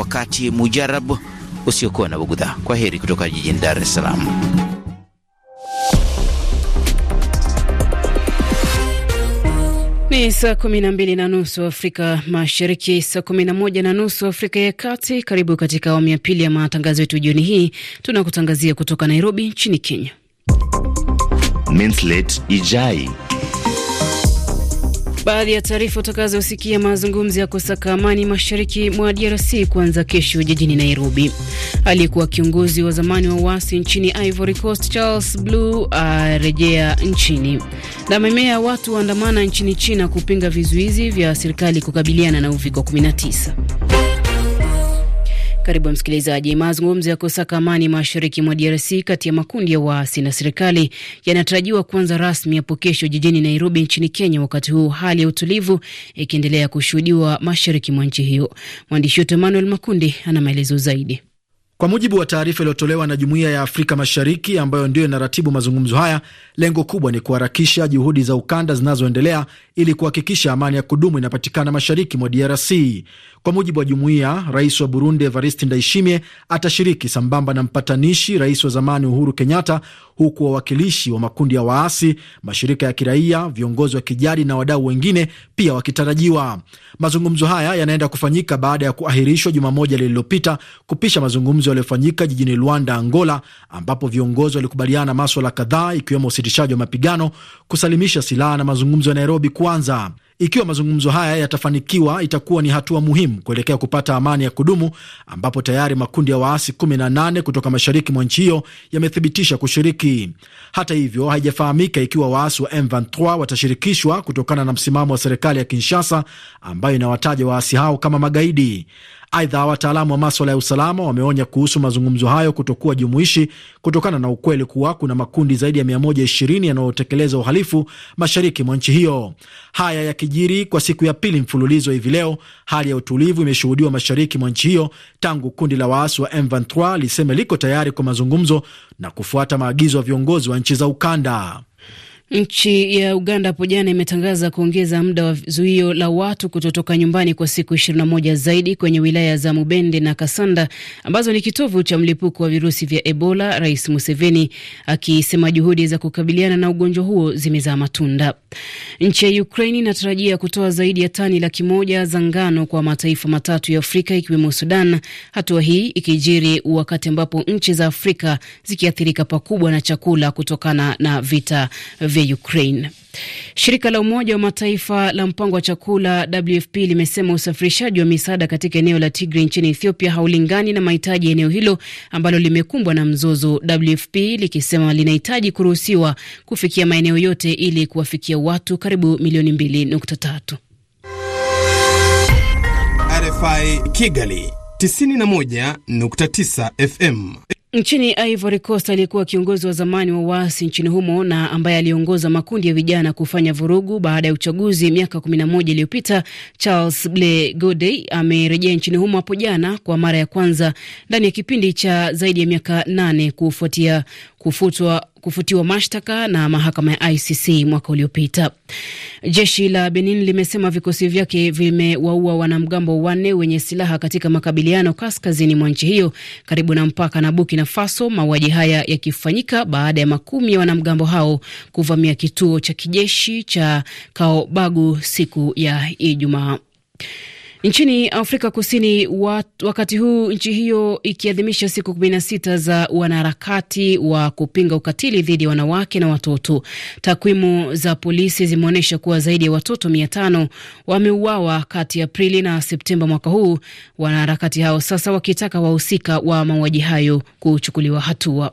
wakati mujarabu usiokuwa na bugudha. Kwa heri kutoka jijini Dar es Salaam. Ni saa kumi na mbili na nusu Afrika Mashariki, saa kumi na moja na nusu Afrika ya Kati. Karibu katika awamu ya pili ya matangazo yetu jioni hii. Tunakutangazia kutoka Nairobi nchini Kenya. Ijai Baadhi ya taarifa utakazosikia: mazungumzo ya kusaka amani mashariki mwa DRC kuanza kesho jijini Nairobi. Aliyekuwa kiongozi wa zamani wa uasi nchini Ivory Coast Charles Blue arejea nchini. Na mamia ya watu waandamana nchini China kupinga vizuizi vya serikali kukabiliana na uviko 19. Karibu msikilizaji. Mazungumzo ya kusaka amani mashariki mwa DRC kati ya makundi ya waasi na serikali yanatarajiwa kuanza rasmi hapo kesho jijini Nairobi nchini Kenya, wakati huu hali ya utulivu ikiendelea kushuhudiwa mashariki mwa nchi hiyo. Mwandishi wetu Emmanuel Makundi ana maelezo zaidi. Kwa mujibu wa taarifa iliyotolewa na Jumuiya ya Afrika Mashariki ambayo ndiyo inaratibu mazungumzo haya, lengo kubwa ni kuharakisha juhudi za ukanda zinazoendelea ili kuhakikisha amani ya kudumu inapatikana mashariki mwa DRC. Kwa mujibu wa jumuiya, rais wa Burundi Evariste Ndayishimiye atashiriki sambamba na mpatanishi rais wa zamani Uhuru Kenyatta, huku wawakilishi wa makundi ya waasi, mashirika ya kiraia, viongozi wa kijadi na wadau wengine pia wakitarajiwa. Mazungumzo haya yanaenda kufanyika baada ya kuahirishwa juma moja lililopita kupisha mazungumzo yaliyofanyika jijini Luanda, Angola, ambapo viongozi walikubaliana maswala kadhaa ikiwemo usitishaji wa mapigano, kusalimisha silaha na mazungumzo ya Nairobi kwanza. Ikiwa mazungumzo haya yatafanikiwa, itakuwa ni hatua muhimu kuelekea kupata amani ya kudumu, ambapo tayari makundi ya waasi 18 kutoka mashariki mwa nchi hiyo yamethibitisha kushiriki. Hata hivyo, haijafahamika ikiwa waasi wa M23 watashirikishwa kutokana na msimamo wa serikali ya Kinshasa ambayo inawataja waasi hao kama magaidi. Aidha, wataalamu wa maswala ya usalama wameonya kuhusu mazungumzo hayo kutokuwa jumuishi kutokana na ukweli kuwa kuna makundi zaidi ya 120 yanayotekeleza uhalifu mashariki mwa nchi hiyo. Haya yakijiri kwa siku ya pili mfululizo hivi leo, hali ya utulivu imeshuhudiwa mashariki mwa nchi hiyo tangu kundi la waasi wa M23 liseme liko tayari kwa mazungumzo na kufuata maagizo ya viongozi wa nchi za ukanda. Nchi ya Uganda hapo jana imetangaza kuongeza muda wa zuio la watu kutotoka nyumbani kwa siku 21 zaidi kwenye wilaya za Mubende na Kasanda ambazo ni kitovu cha mlipuko wa virusi vya Ebola, Rais Museveni akisema juhudi za kukabiliana na ugonjwa huo zimezaa matunda. Nchi ya Ukraine inatarajia kutoa zaidi ya tani laki moja za ngano kwa mataifa matatu ya Afrika ikiwemo Sudan, hatua hii ikijiri wakati ambapo nchi za Afrika zikiathirika pakubwa na chakula kutokana na vita vya vya Ukraine. Shirika la Umoja wa Mataifa la mpango wa chakula WFP limesema usafirishaji wa misaada katika eneo la Tigray nchini Ethiopia haulingani na mahitaji ya eneo hilo ambalo limekumbwa na mzozo, WFP likisema linahitaji kuruhusiwa kufikia maeneo yote ili kuwafikia watu karibu milioni 2.3. RFI Kigali 91.9 FM. Nchini Ivory Coast, aliyekuwa kiongozi wa zamani wa waasi nchini humo na ambaye aliongoza makundi ya vijana kufanya vurugu baada ya uchaguzi miaka 11 iliyopita, Charles Ble Godey amerejea nchini humo hapo jana kwa mara ya kwanza ndani ya kipindi cha zaidi ya miaka nane kufuatia kufutwa kufutiwa mashtaka na mahakama ya ICC mwaka uliopita. Jeshi la Benin limesema vikosi vyake vimewaua wanamgambo wanne wenye silaha katika makabiliano kaskazini mwa nchi hiyo karibu na mpaka na Burkina Faso, mauaji haya yakifanyika baada ya makumi ya wanamgambo hao kuvamia kituo cha kijeshi cha Kaobagu siku ya Ijumaa. Nchini Afrika Kusini wat, wakati huu nchi hiyo ikiadhimisha siku 16 za wanaharakati wa kupinga ukatili dhidi ya wanawake na watoto, takwimu za polisi zimeonyesha kuwa zaidi ya watoto 500 wameuawa kati ya Aprili na Septemba mwaka huu, wanaharakati hao sasa wakitaka wahusika wa mauaji hayo kuchukuliwa hatua.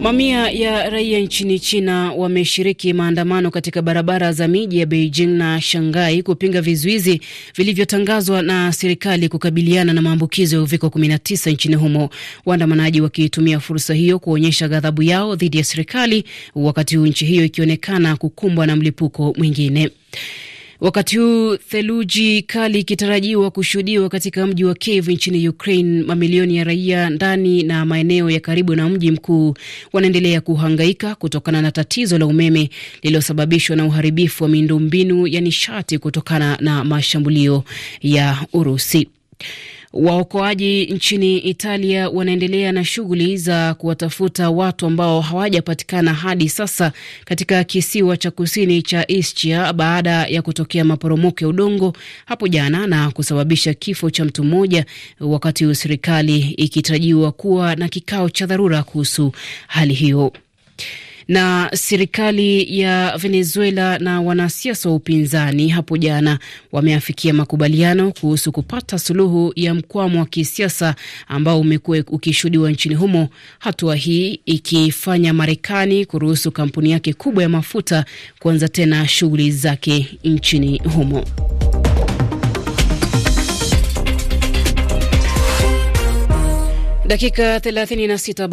Mamia ya raia nchini China wameshiriki maandamano katika barabara za miji ya Beijing na Shanghai kupinga vizuizi vilivyotangazwa na serikali kukabiliana na maambukizo ya uviko 19 nchini humo, waandamanaji wakitumia fursa hiyo kuonyesha ghadhabu yao dhidi ya serikali, wakati huu nchi hiyo ikionekana kukumbwa na mlipuko mwingine. Wakati huu theluji kali ikitarajiwa kushuhudiwa katika mji wa Kiev nchini Ukraine, mamilioni ya raia ndani na maeneo ya karibu na mji mkuu wanaendelea kuhangaika kutokana na tatizo la umeme lililosababishwa na uharibifu wa miundombinu ya nishati kutokana na mashambulio ya Urusi. Waokoaji nchini Italia wanaendelea na shughuli za kuwatafuta watu ambao hawajapatikana hadi sasa katika kisiwa cha kusini cha Ischia baada ya kutokea maporomoko ya udongo hapo jana na kusababisha kifo cha mtu mmoja, wakati serikali ikitarajiwa kuwa na kikao cha dharura kuhusu hali hiyo na serikali ya Venezuela na wanasiasa wa upinzani hapo jana wameafikia makubaliano kuhusu kupata suluhu ya mkwamo wa kisiasa ambao umekuwa ukishuhudiwa nchini humo, hatua hii ikifanya Marekani kuruhusu kampuni yake kubwa ya mafuta kuanza tena shughuli zake nchini humo. Dakika 36